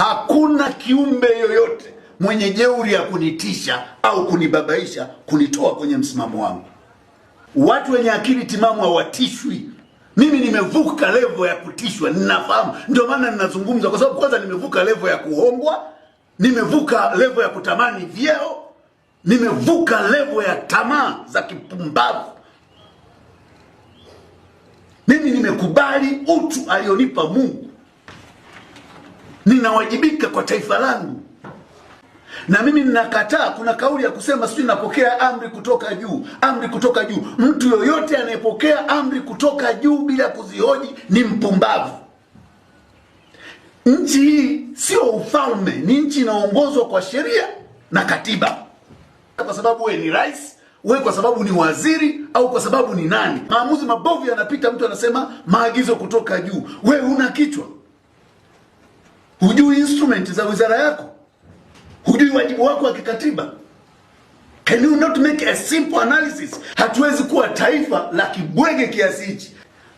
hakuna kiumbe yoyote mwenye jeuri ya kunitisha au kunibabaisha, kunitoa kwenye msimamo wangu. Watu wenye akili timamu hawatishwi. Mimi nimevuka levo ya kutishwa, ninafahamu. Ndio maana ninazungumza, kwa sababu kwanza nimevuka levo ya kuombwa, nimevuka levo ya kutamani vyeo, nimevuka levo ya tamaa za kipumbavu. Mimi nimekubali utu alionipa Mungu ninawajibika kwa taifa langu. Na mimi ninakataa, kuna kauli ya kusema sijui napokea amri kutoka juu, amri kutoka juu. Mtu yoyote anayepokea amri kutoka juu bila kuzihoji ni mpumbavu. Nchi hii sio ufalme, ni nchi inaongozwa kwa sheria na katiba. Kwa sababu wewe ni rais, wewe kwa sababu ni waziri, au kwa sababu ni nani, maamuzi mabovu yanapita, mtu anasema maagizo kutoka juu. Wewe una kichwa? hujui instrument za wizara yako, hujui wajibu wako wa kikatiba. Can you not make a simple analysis? Hatuwezi kuwa taifa la kibwege kiasi hichi.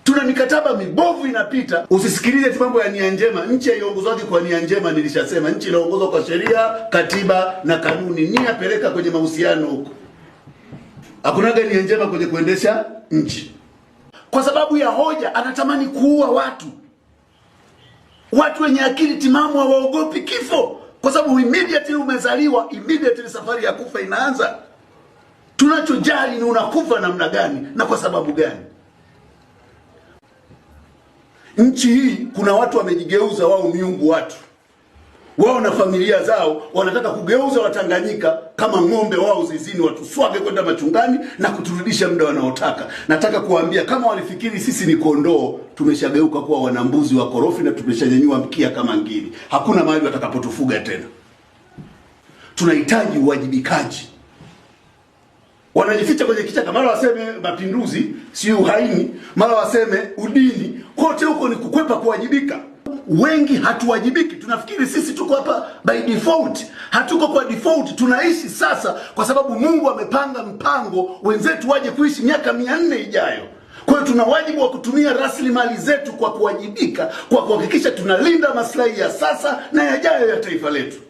Tuna mikataba mibovu inapita. Usisikilize tu mambo ya nia njema. Nchi haiongozwaje kwa nia njema? Nilishasema nchi inaongozwa kwa sheria, katiba na kanuni. Nia peleka kwenye mahusiano huko, hakunaga nia njema kwenye kuendesha nchi. Kwa sababu ya hoja, anatamani kuua watu. Watu wenye akili timamu hawaogopi kifo, kwa sababu immediately umezaliwa, immediately safari ya kufa inaanza. Tunachojali ni unakufa namna gani na kwa sababu gani. Nchi hii kuna watu wamejigeuza wao miungu watu wao na familia zao wanataka kugeuza Watanganyika kama ng'ombe wao zizini, watuswage kwenda machungani na kuturudisha muda wanaotaka. Nataka kuwaambia kama walifikiri sisi ni kondoo, tumeshageuka kuwa wanambuzi wa korofi na tumeshanyanyua mkia kama ngiri. Hakuna mahali watakapotufuga tena. Tunahitaji uwajibikaji. Wanajificha kwenye kichaka, mara waseme mapinduzi, si uhaini, mara waseme udini. Kote huko ni kukwepa kuwajibika wengi hatuwajibiki, tunafikiri sisi tuko hapa by default. Hatuko kwa default, tunaishi sasa kwa sababu Mungu amepanga mpango, wenzetu waje kuishi miaka mia nne ijayo. Kwa hiyo tuna wajibu wa kutumia rasilimali zetu kwa kuwajibika, kwa kuhakikisha tunalinda maslahi ya sasa na yajayo ya taifa letu.